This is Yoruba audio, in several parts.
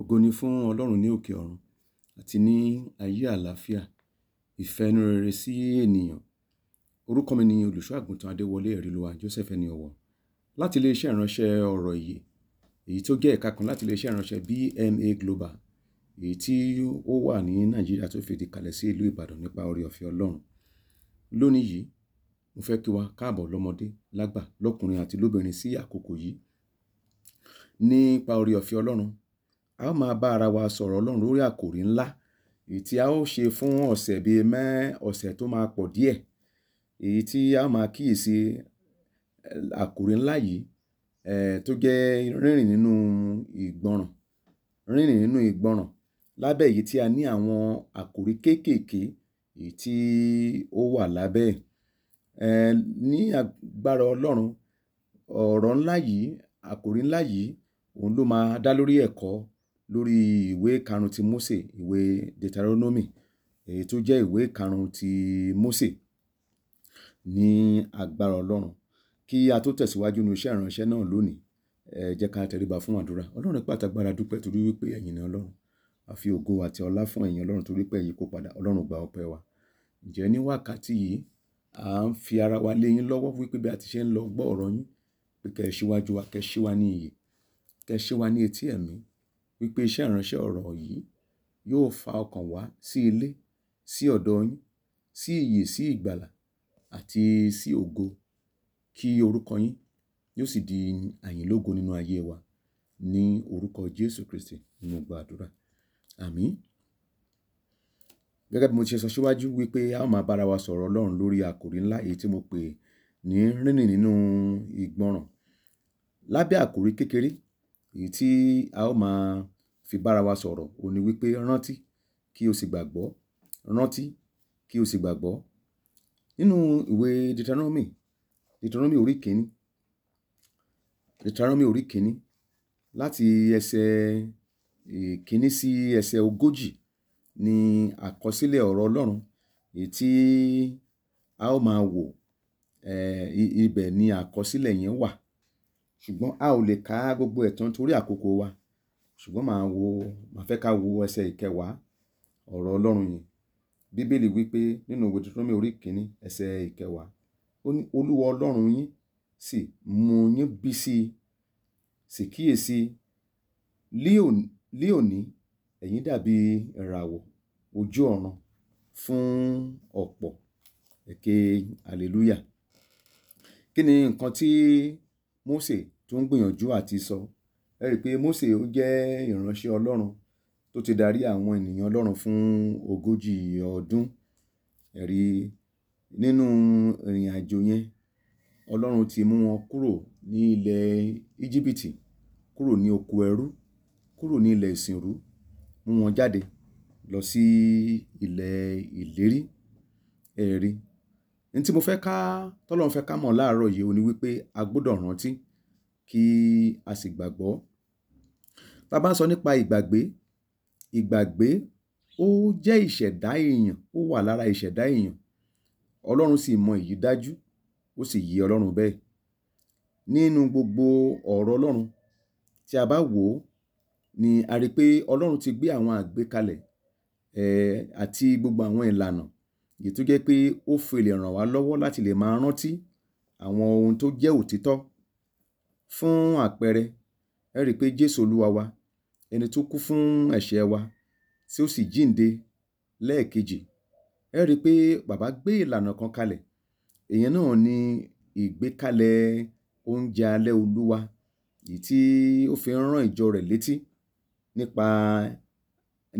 Ògo ni fún Ọlọ́run ní òkè ọ̀run àti ní ayé àlàáfíà, ìfẹ́ inú rere sí ènìyàn. Orúkọ mi ni Olùṣọ́ àgùntàn Adéwọlé Ẹ̀rílúwa Joseph ẹni ọ̀wọ̀. Láti ilé iṣẹ́ ìránṣẹ́ ọ̀rọ̀ ìyè, èyí tó jẹ́ ẹ̀ka kan láti ilé ìránṣẹ́ BMA Global, èyí tí ó wà ní Nàìjíríà tó fìdí kalẹ̀ sí ìlú Ìbàdàn nípa oore ọ̀fẹ́ Ọlọ́run. Lónìí yìí, mo fẹ́ kí wa káàbọ̀ lọ́mọdé, lágbà, lọ́kùnrin àti lóbìnrin sí àkókò yìí. Nípa oore ọ̀fẹ́ Ọlọ́run, a ó máa bá ara wa sọ̀rọ̀ Ọlọ́run lórí àkòrí ńlá èyí tí a ó ṣe fún ọ̀sẹ̀ bíi mẹ́ ọ̀sẹ̀ tó máa pọ̀ díẹ̀ èyí tí a ó máa kíyèsí àkòrí ńlá yìí tó jẹ́ rírìn nínú ìgbọràn rírìn nínú ìgbọràn lábẹ́ èyí tí a ní àwọn àkòrí kéékèèké èyí tí ó wà lábẹ́ ẹ̀ ní agbára Ọlọ́run ọ̀rọ̀ ńlá yìí àkòrí ńlá yìí òun ló máa dá lórí ẹ̀kọ́ lórí ìwé karùn-ún ti Mósè ìwé Deuteronomy èyí tó jẹ́ ìwé karùn-ún ti Mósè ní agbára Ọlọ́run kí a tó tẹ̀síwájú nínú iṣẹ́ ìránṣẹ́ náà lónìí ẹ jẹ́ ká tẹríba fún àdúrà Ọlọ́run pàtàgbára dúpẹ́ torí wípé ẹ̀yin ni Ọlọ́run àfi ògo àti ọlá fún ẹ̀yin Ọlọ́run torí pé ẹ̀yin kò padà Ọlọ́run gba ọpẹ́ wa ǹjẹ́ ní wákàtí yìí à ń fi ara wa lé yín lọ́wọ́ wípé bí a ti ṣe ń lọ gbọ́ ọ̀rọ̀ yín pé kẹ́ ẹ ṣíwájú wa kẹ́ ẹ ṣí ní iyì kẹ́ ẹ ṣí ní etí ẹ̀mí wípé iṣẹ́ ìránṣẹ́ ọ̀rọ̀ yìí yóò fa ọkàn wá sí ilé, sí ọ̀dọ̀ yín, sí ìyè, sí ìgbàlà àti sí ògo kí orúkọ yín yóò sì di àyìnlógo nínú ayé wa. Ní orúkọ Jésù Kristi ni mo gba àdúrà. Àmín. Gẹ́gẹ́ bí mo ti ṣe sọ síwájú wípé a ó máa bá ara wa sọ̀rọ̀ Ọlọ́run lórí àkòrí ńlá èyí tí mo pè ní rínrìn nínú ìgbọràn. Lábẹ́ àkòrí kékeré Èyí tí a ó máa fi bára wa sọ̀rọ̀ òun ní wípé rántí kí o sì gbàgbọ́, rántí kí o sì gbàgbọ́. Nínú ìwé Deuteronomy, Deuteronomy orí kìíní, Deuteronomy orí kìíní láti ẹsẹ̀ ìkíní sí ẹsẹ̀ ogójì ni àkọsílẹ̀ ọ̀rọ̀ Ọlọ́run èyí tí a ó máa wò, ibẹ̀ ni àkọsílẹ̀ yẹn wà ṣùgbọ́n a ò lè ka gbogbo ẹ̀ torí àkókò wa ṣùgbọ́n màá wo màá fẹ́ ká wo ẹsẹ̀ ìkẹwàá ọ̀rọ̀ Ọlọ́run yìí bíbélì wípé nínú ìwé Deuteronomy orí kìíní ẹsẹ̀ ìkẹwàá ó ní Olúwa Ọlọ́run yín sì mú yín bí sí i sì kíyèsí lí òní dàbí ìràwọ̀ ojú ọ̀run fún ọ̀pọ̀ èké hallelujah kí ni nǹkan tí Mósè tó ń gbìyànjú àti sọ. Ẹ rí i pé Mósè ó jẹ́ ìránṣẹ́ Ọlọ́run tó ti darí àwọn ènìyàn Ọlọ́run fún ogójì ọdún. Ẹ rí i nínú ìrìnàjò yẹn, Ọlọ́run ti mú wọn kúrò ní ilẹ̀ Íjíbítì, kúrò ní oko ẹrú, kúrò ní ilẹ̀ ìsìnrú, mú wọn jáde lọ sí ilẹ̀ ìlérí. Ẹ rí i. tí mo fẹ́ ká, tí fẹ́ ká mọ̀ láàárọ̀ yìí òní wípé a gbọdọ̀ rántí kí a sì gbàgbọ́. Tá bá ń sọ nípa ìgbàgbé, ìgbàgbé ó jẹ́ ìṣẹ̀dá èèyàn, ó wà lára ìṣẹ̀dá èèyàn. Ọlọ́run sì mọ èyí dájú, ó sì yẹ Ọlọ́run bẹ́ẹ̀. Nínú gbogbo ọ̀rọ̀ Ọlọ́run tí a bá wò ó ni a rí pé Ọlọ́run ti gbé àwọn àgbékalẹ̀, ẹ́ àti gbogbo àwọn ìlànà èyí tó jẹ́ pé ó fi lè ràn wá lọ́wọ́ láti lè máa rántí àwọn ohun tó jẹ́ òtítọ́ Fún àpẹẹrẹ, ẹ rí i pé Jésù Olúwa wa, ẹni tó kú fún ẹ̀ṣẹ̀ wa tí ó sì jíǹde lẹ́ẹ̀kejì, ẹ rí i pé bàbá gbé ìlànà kan kalẹ̀. Ìyẹn náà ni ìgbékalẹ̀ oúnjẹ alẹ́ Olúwa èyí tí ó fi ń rán ìjọ rẹ̀ létí nípa,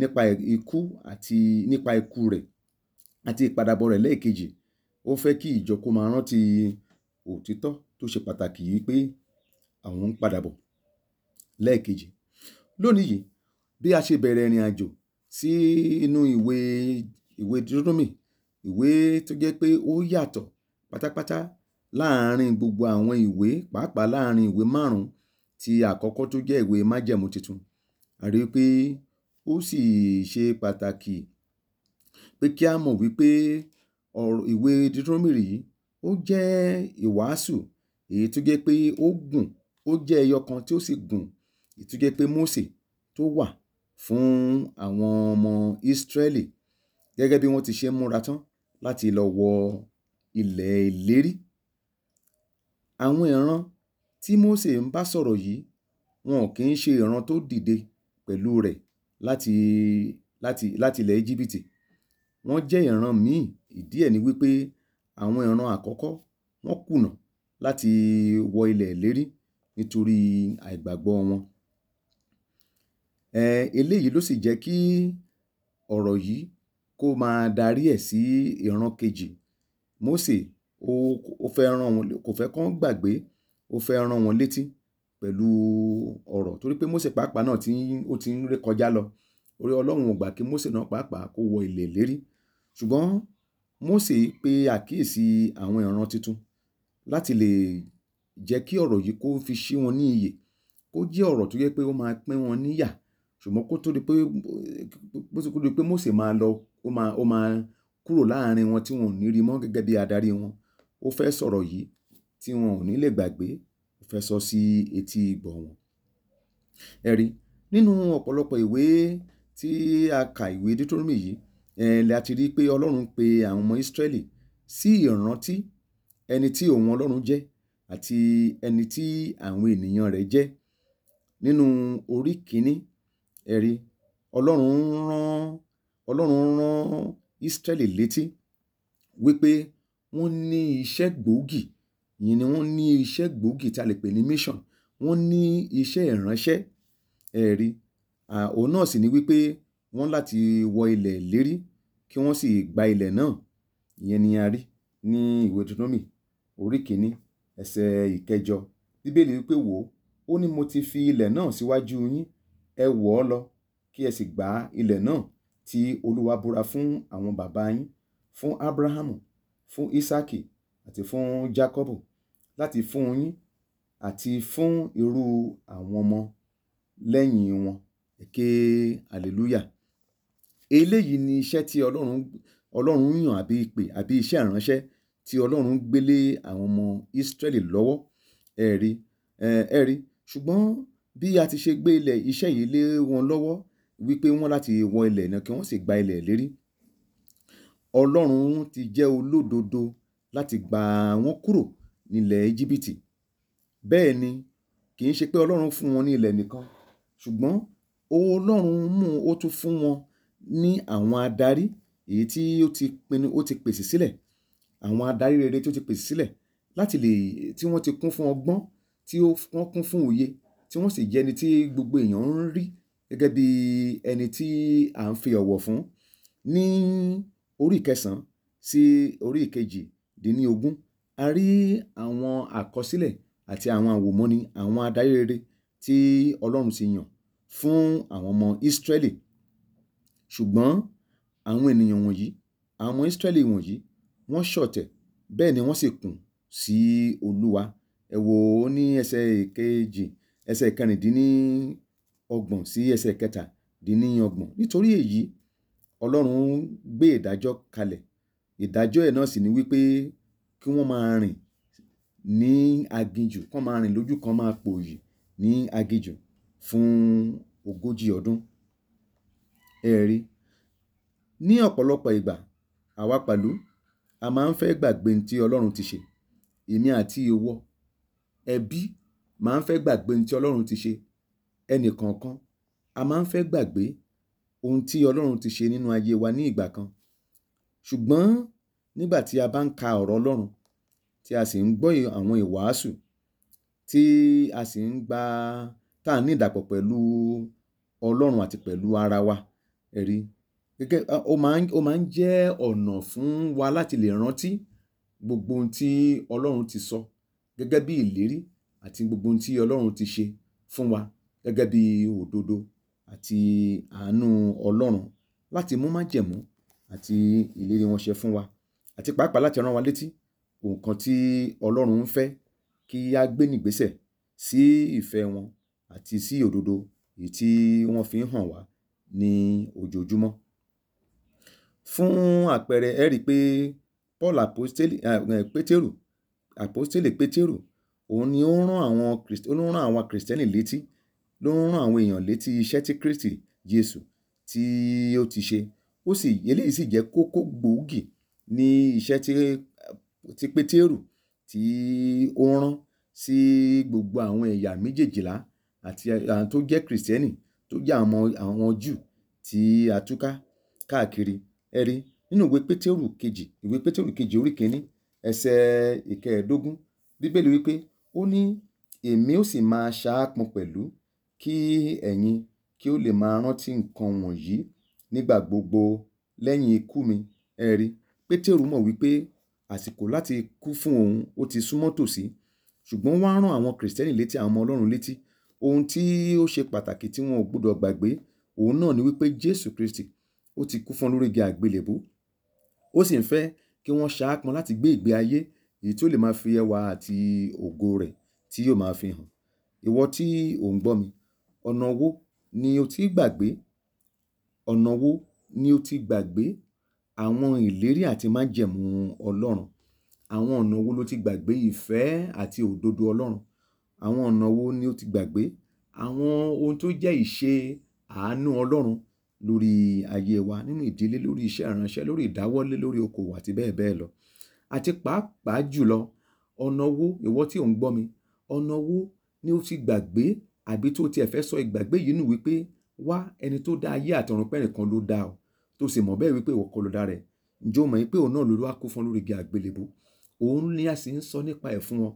nípa ikú àti nípa ikú rẹ̀ àti ìpadàbọ̀ rẹ̀ lẹ́ẹ̀kejì. Ó fẹ́ kí ìjọ kó máa rántí òtítọ́ tó ṣe pàtàkì yìí pé àwọn ń padà bọ̀ lẹ́ẹ̀kejì lónìí yìí bí a ṣe bẹ̀rẹ̀ ìrìn àjò sí inú ìwé ìwé Deuteronomy ìwé tó jẹ́ pé ó yàtọ̀ pátápátá láàárín gbogbo àwọn ìwé pàápàá láàárín ìwé márùn-ún ti àkọ́kọ́ tó jẹ́ ìwé májẹ̀mú tuntun a rí i pé ó sì ṣe pàtàkì pé kí a mọ̀ wípé ìwé Deuteronomy yìí ó jẹ́ ìwàásù èyí tó jẹ́ pé ó gùn ó jẹ́ ẹyọ kan tí ó sì gùn ìtújẹ́ pé Mósè tó wà fún àwọn ọmọ Ísírẹ́lì gẹ́gẹ́ bí wọ́n ti ṣe ń múra tán láti lọ wọ ilẹ̀ ìlérí àwọn ìran tí Mósè ń bá sọ̀rọ̀ yìí wọn ò kì í ṣe ìran tó dìde pẹ̀lú rẹ̀ láti láti láti ilẹ̀ Íjíbítì wọ́n jẹ́ ìran míì ìdí ẹ̀ ni wípé àwọn ìran àkọ́kọ́ wọ́n kùnà láti wọ ilẹ̀ ìlérí nítorí àìgbàgbọ́ wọn. um eléyìí ló sì jẹ́ kí ọ̀rọ̀ yìí kó máa darí ẹ̀ sí ìran kejì. Mósè ó ó fẹ́ rán wọn, kò fẹ́ kán gbàgbé, ó fẹ́ rán wọn létí pẹ̀lú ọ̀rọ̀ torí pé Mósè pàápàá náà ó ti ń rékọjá lọ. Torí Ọlọ́run ò gbà kí Mósè náà pàápàá kó wọ ilẹ̀ ìlérí. Ṣùgbọ́n Mósè pe àkíyèsí àwọn ìran tuntun láti lè jẹ́ kí ọ̀rọ̀ yìí kó fi sí wọn ní iyè kó jẹ́ ọ̀rọ̀ tó yẹ pé ó máa pín wọn níyà ṣùgbọ́n kó tó di pé bó ti kó di pé Mósè máa lọ ó máa ó máa kúrò láàrin wọn tí wọn ò ní rí mọ́ gẹ́gẹ́ bí adarí wọn ó fẹ́ sọ̀rọ̀ yìí tí wọn ò ní lè gbàgbé ó fẹ́ sọ sí etí ìgbọ̀ wọn. ẹ̀rí nínú ọ̀pọ̀lọpọ̀ ìwé tí a kà ìwé Deuteronomy yìí ẹ̀ la ti rí i pé Ọlọ́run pe àwọn ọmọ Ísírẹ́lì sí ìrántí ẹni tí òun Ọlọ́run jẹ́ àti ẹni tí àwọn ènìyàn rẹ̀ jẹ́. Nínú orí kìíní, ẹ rí, Ọlọ́run rán, Ọlọ́run rán Israẹli létí wípé wọ́n ní iṣẹ́ gbòógì, ìyẹn ni wọ́n ní iṣẹ́ gbòógì tí a lè pè ní mission. Wọ́n ní iṣẹ́ ìránṣẹ́, ẹ rí. À, òun náà sì ni wípé wọ́n láti wọ ilẹ̀ ìlérí kí wọ́n sì gba ilẹ̀ náà. Ìyẹn ni a rí ní ìwé Deuteronomy orí kìíní ẹsẹ̀ ìkẹjọ bíbélì wípé wò ó ní mo ti fi ilẹ̀ náà síwájú yín ẹ wọ̀ ọ́ lọ kí ẹ sì gba ilẹ̀ náà tí olúwa búra fún àwọn bàbá yín fún ábúráhámù fún ísákì àti fún jákọ́bù láti fún yín àti fún irú àwọn ọmọ lẹ́yìn wọn èké hallelujah eléyìí ni iṣẹ́ tí ọlọ́run yàn àbí ìpè àbí iṣẹ́ ìránṣẹ́ tí Ọlọ́run gbé lé àwọn ọmọ Ísírẹ́lì lọ́wọ́ ẹ̀rí ẹ̀rí ṣùgbọ́n bí a ti ṣe gbé ilẹ̀ iṣẹ́ yìí lé wọn lọ́wọ́ wípé wọ́n láti wọ ilẹ̀ náà kí wọ́n sì gba ilẹ̀ lérí Ọlọ́run ti jẹ́ olódodo láti gbà wọ́n kúrò nílẹ̀ Íjíbítì bẹ́ẹ̀ ni kì í ṣe pé Ọlọ́run fún wọn ní ilẹ̀ nìkan ṣùgbọ́n Ọlọ́run mú ó tún fún wọn ní àwọn adarí èyí tí ó ti pèsè sílẹ̀ àwọn adarí rere tí ó ti pèsè sílẹ̀ láti lè tí wọ́n ti kún fún ọgbọ́n tí wọ́n kún fún òye tí wọ́n sì jẹ́ ẹni tí gbogbo èèyàn ń rí gẹ́gẹ́ bí ẹni tí à ń fi ọ̀wọ̀ fún ní orí ìkẹsàn-án sí orí ìkejì dín ní ogún a rí àwọn àkọsílẹ̀ àti àwọn àwòmọ́ni àwọn adarí rere tí Ọlọ́run ti yàn fún àwọn ọmọ Ísírẹ́lì ṣùgbọ́n àwọn ènìyàn wọ̀nyí àwọn ọmọ Ísírẹ́lì wọ̀nyí wọ́n ṣọ̀tẹ̀ bẹ́ẹ̀ ni wọ́n sì kùn sí Olúwa. Ẹ wo ó ní ẹsẹ̀ kejì ẹsẹ̀ kẹrìndínlọ́gbọ̀n sí ẹsẹ̀ kẹtàdínlọ́gbọ̀n. Nítorí èyí Ọlọ́run gbé ìdájọ́ kalẹ̀. Ìdájọ́ ẹ̀ náà sì ni wípé kí wọ́n máa rìn ní aginjù, kí wọ́n máa rìn lójú kan máa pòyì ní aginjù fún ogójì ọdún. Ẹ rí, ní ọ̀pọ̀lọpọ̀ ìgbà àwa pẹ̀lú a máa ń fẹ́ gbàgbé ohun tí Ọlọ́run ti ṣe. Èmi àti ìwọ, ẹbí máa ń fẹ́ gbàgbé ohun tí Ọlọ́run ti ṣe. Ẹni kọ̀ọ̀kan a máa ń fẹ́ gbàgbé ohun tí Ọlọ́run ti ṣe nínú ayé wa ní ìgbà kan. Ṣùgbọ́n nígbà tí a bá ń ka ọ̀rọ̀ Ọlọ́run, tí a sì ń gbọ́ àwọn ìwàásù, tí a sì ń gba tá ní ìdàpọ̀ pẹ̀lú Ọlọ́run àti pẹ̀lú ara wa, ẹrí gẹ́gẹ́ ó máa ń ó máa ń jẹ́ ọ̀nà fún wa láti lè rántí gbogbo ohun tí Ọlọ́run ti sọ gẹ́gẹ́ bí ìlérí àti gbogbo ohun tí Ọlọ́run ti ṣe fún wa gẹ́gẹ́ bí òdodo àti àánú Ọlọ́run láti mú májẹ̀mú àti ìlérí wọn ṣẹ fún wa àti pàápàá láti rán wa létí nǹkan tí Ọlọ́run ń fẹ́ kí a gbé nígbésẹ̀ sí ìfẹ́ wọn àti sí òdodo èyí tí wọ́n fi ń hàn wá ní ojoojúmọ́. Fún àpẹẹrẹ, ẹ rí i pé Paul Aposteli, eh, eh, Pétérù, Aposteli Pétérù, òun ni ó ń rán àwọn Krist, ó ń rán àwọn Kristẹni létí, ló ń rán àwọn èèyàn létí iṣẹ́ tí Kristi Jesu tí ó ti ṣe. Ó sì, eléyìí sì jẹ́ kókó gbòógì ní iṣẹ́ tí, tí Pétérù tí ó rán sí gbogbo àwọn ẹ̀yà méjèèjìlá àti àwọn tó jẹ́ Kristẹni, tó jẹ́ àwọn, àwọn Júù tí a túká káàkiri ẹ̀rí nínú ìwé pétérù kejì ìwé pétérù kejì orí kìíní ẹsẹ̀ ìkẹẹ̀ẹ́dógún bíbélì wípé ó ní èmi ó sì máa ṣaápọn pẹ̀lú kí ẹ̀yin kí ó lè máa rántí nǹkan wọ̀nyí nígbà gbogbo lẹ́yìn ikú mi ẹ̀rí pétérù mọ̀ wípé àsìkò láti kú fún òun ó ti súnmọ́ tòsí ṣùgbọ́n wọ́n á rán àwọn kìrìsìtẹ́nì létí àwọn ọmọ ọlọ́run létí ohun tí ó ṣe pàtàkì tí wọn ò gbọdọ̀ gbàgbé òun náà ni wípé jésù kristi ó ti kú fún lórí igi àgbélébú ó sì ń fẹ́ kí wọ́n ṣaápọn láti gbé ìgbé ayé èyí tí ó lè máa fi ẹwà àti ògo rẹ̀ tí yóò máa fi hàn ìwọ tí ò ń gbọ́ mi ọ̀nà wo ni o ti gbàgbé ọ̀nà wo ni o ti gbàgbé àwọn ìlérí àti májẹ̀mú ọlọ́run àwọn ọ̀nà wo ló ti gbàgbé ìfẹ́ àti òdodo ọlọ́run àwọn ọ̀nà wo ni o ti gbàgbé àwọn ohun tó jẹ́ ìṣe àánú ọlọ́run lórí ayé wa nínú ìdílé lórí iṣẹ́ ìránṣẹ́ lórí ìdáwọ́lé lórí okòwò àti bẹ́ẹ̀ bẹ́ẹ̀ lọ àti pàápàá jùlọ ọ̀nà wo ìwọ tí ò ń gbọ́ mi ọ̀nà wo ni o ti gbàgbé àbí tó tiẹ̀ fẹ́ sọ ìgbàgbé yìí nù wípé wá ẹni tó dá ayé àtọ̀run pẹ́ẹ́nì kan ló dá o tó sì mọ̀ bẹ́ẹ̀ wípé ìwọ kọ́ ló dá rẹ̀ ǹjẹ́ o mọ̀ yín pé òun náà ló wá fún lórí igi àgbélébù òun ni a sì ń sọ nípa ẹ̀ fún wọn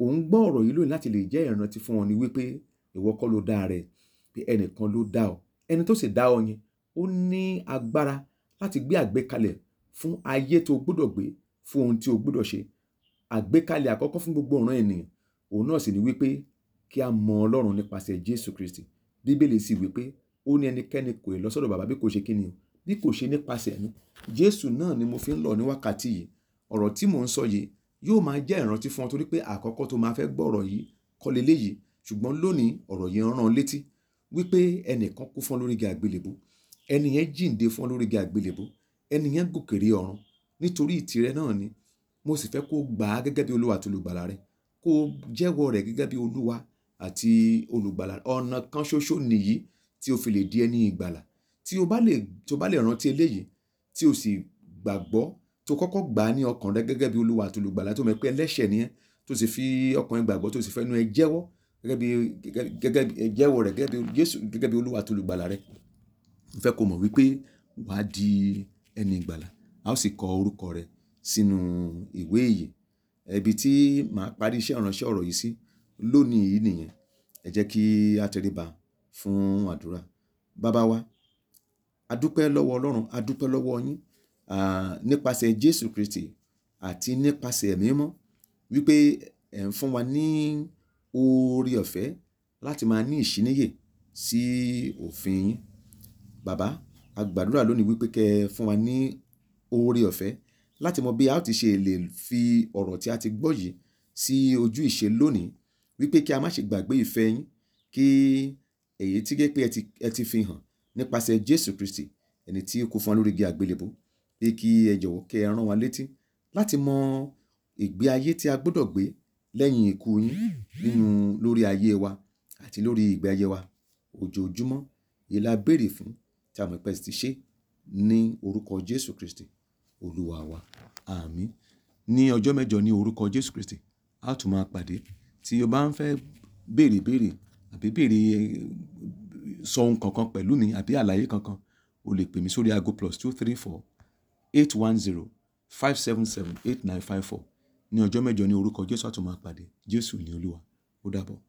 òun gbọ́ ọ̀rọ̀ yìí lónìí láti lè jẹ́ ìrántí fún wọn ni wípé ìwọ kọ́ ló dá rẹ̀ pé ẹnìkan ló dá ọ ẹni tó sì dá ọ yẹn ó ní agbára láti gbé àgbékalẹ̀ fún ayé tó gbọ́dọ̀ gbé fún ohun tí o gbọ́dọ̀ ṣe àgbékalẹ̀ àkọ́kọ́ fún gbogbo ọ̀ràn ènìyàn òun náà sì ni wípé kí a mọ ọlọ́run nípasẹ̀ jésù kristi bíbélì sì wípé ó ní ẹnikẹ́ni kò lọ sọ́dọ̀ bàbá bí kò ṣe kíni o bí kò ṣe nípasẹ̀ ẹ̀mí jésù náà ni mo fi ń lọ ní wákàtí yìí ọ̀rọ̀ tí mò ń sọ yìí yóò máa jẹ́ ìrántí fún ọ torí pé àkọ́kọ́ tó máa fẹ́ gbọ́ ọ̀rọ̀ yìí kọ́ leléyìí ṣùgbọ́n lónìí ọ̀rọ̀ yìí rán létí wípé ẹnìkan kú fún lórí igi ẹni yẹn jíǹde fún ọ lórí igi àgbélébó ẹni yẹn gòkè rí ọ̀run nítorí ìtìrẹ náà ni mo sì fẹ́ kó gbà á gẹ́gẹ́ bí olúwa àti olùgbàlà rẹ kó jẹ́wọ́ rẹ̀ gẹ́gẹ́ bí olúwa àti olùgbàlà ọ̀nà kan ṣoṣo nìyí tí o fi lè di ẹni ìgbàlà tí o bá lè tí o bá lè rántí eléyìí tí o sì gbàgbọ́ tó kọ́kọ́ gbà á ní ọkàn rẹ gẹ́gẹ́ bí olúwa àti olùgbàlà tó mọ̀ pé ẹlẹ́ṣẹ̀ ni ẹ́ tó sì fi ọkàn ẹ gbàgbọ́ tó sì fẹ́ nu ẹ jẹ́wọ́ gẹ́gẹ́ bí gẹ́gẹ́ bí ẹ jẹ́wọ́ rẹ̀ gẹ́gẹ́ bí Jésù gẹ́gẹ́ bí olúwa àti olùgbàlà rẹ mo fẹ́ kó mọ̀ wípé wà á di ẹni ìgbàlà a ó sì kọ orúkọ rẹ sínú ìwé ìyè ibi tí màá parí iṣẹ́ ìránṣẹ́ ọ̀rọ̀ yìí sí lónìí yìí nìyẹn ẹ jẹ́ kí a tẹríba fún àdúrà bàbá wa a dúpẹ́ lọ́wọ́ ọlọ́run a dúpẹ́ lọ́wọ́ yín nípasẹ̀ jésù kristi àti nípasẹ̀ ẹ̀mí mímọ́ wípé ẹ̀ ń fún wa ní oore ọ̀fẹ́ láti máa ní ìṣíníyè sí òfin yín Bàbá, a gbàdúrà lónìí wípé kí ẹ fún wa ní oore ọ̀fẹ́ láti mọ bí a ó ti ṣe lè fi ọ̀rọ̀ tí a ti gbọ́ yìí sí ojú ìṣe lónìí, wípé kí a má ṣe gbàgbé ìfẹ́ yín, kí èyí tí jẹ́ pé ẹ ti fi hàn nípasẹ̀ Jésù Kristi, ẹni tí ó fún wa lórí igi àgbélébùú, pé kí ẹ jọ̀wọ́ kí ẹ rán wa létí láti mọ ìgbé ayé tí a gbọ́dọ̀ gbé lẹ́yìn ikú yín nínú lórí ayé wa àti lórí ìgbé ayé wa ojoojúmọ́. Èyí béèrè fún a mọ̀ pé ti ṣe ní orúkọ Jésù Kristi Olúwa wa. Àmín. Ní ọjọ́ mẹ́jọ ní orúkọ Jésù Kristi, a tún máa pàdé. Tí o bá ń fẹ́ béèrè béèrè àbí béèrè e, sọ ohun kankan pẹ̀lú mi àbí àlàyé kankan, o lè pè mí sórí ago plus two three four eight one zero five seven seven eight nine five four. Ní ọjọ́ mẹ́jọ ní orúkọ Jésù a tún máa pàdé. Jésù ni Olúwa. Ó dàbọ̀.